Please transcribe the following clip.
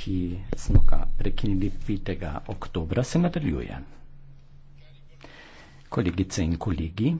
ki smo ga prekinili 5. oktobra, se nadaljuje. Kolegice in kolegi,